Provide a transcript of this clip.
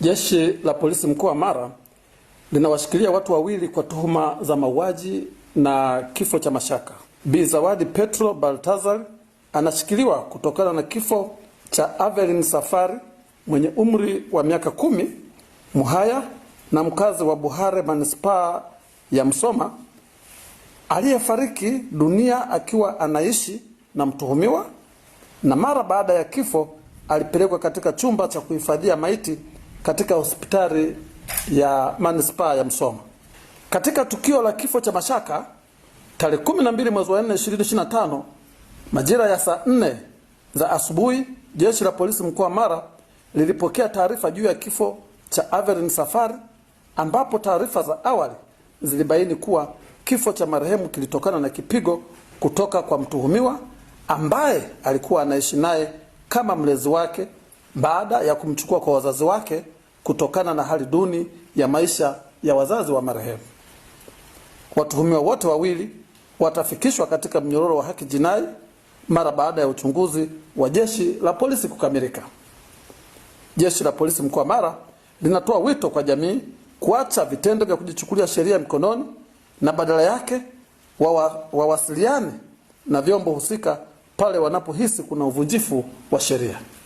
Jeshi la polisi mkoa wa Mara linawashikilia watu wawili kwa tuhuma za mauaji na kifo cha mashaka. Bi Zawadi Petro Baltazar anashikiliwa kutokana na kifo cha Avelin Safari mwenye umri wa miaka kumi, Muhaya na mkazi wa Buhare manispaa ya Msoma aliyefariki dunia akiwa anaishi na mtuhumiwa na mara baada ya kifo alipelekwa katika chumba cha kuhifadhia maiti katika hospitali ya manispaa ya Msoma. Katika tukio la kifo cha Mashaka tarehe 12 mwezi wa 4 2025, majira ya saa 4 za asubuhi, jeshi la polisi mkoa Mara lilipokea taarifa juu ya kifo cha Aveline Safari, ambapo taarifa za awali zilibaini kuwa kifo cha marehemu kilitokana na kipigo kutoka kwa mtuhumiwa ambaye alikuwa anaishi naye kama mlezi wake baada ya kumchukua kwa wazazi wake kutokana na hali duni ya maisha ya wazazi wa marehemu. Watuhumiwa wote wawili watafikishwa katika mnyororo wa haki jinai mara baada ya uchunguzi wa jeshi la polisi kukamilika. Jeshi la polisi mkoa wa Mara linatoa wito kwa jamii kuacha vitendo vya kujichukulia sheria mikononi na badala yake wawasiliane wa na vyombo husika pale wanapohisi kuna uvunjifu wa sheria.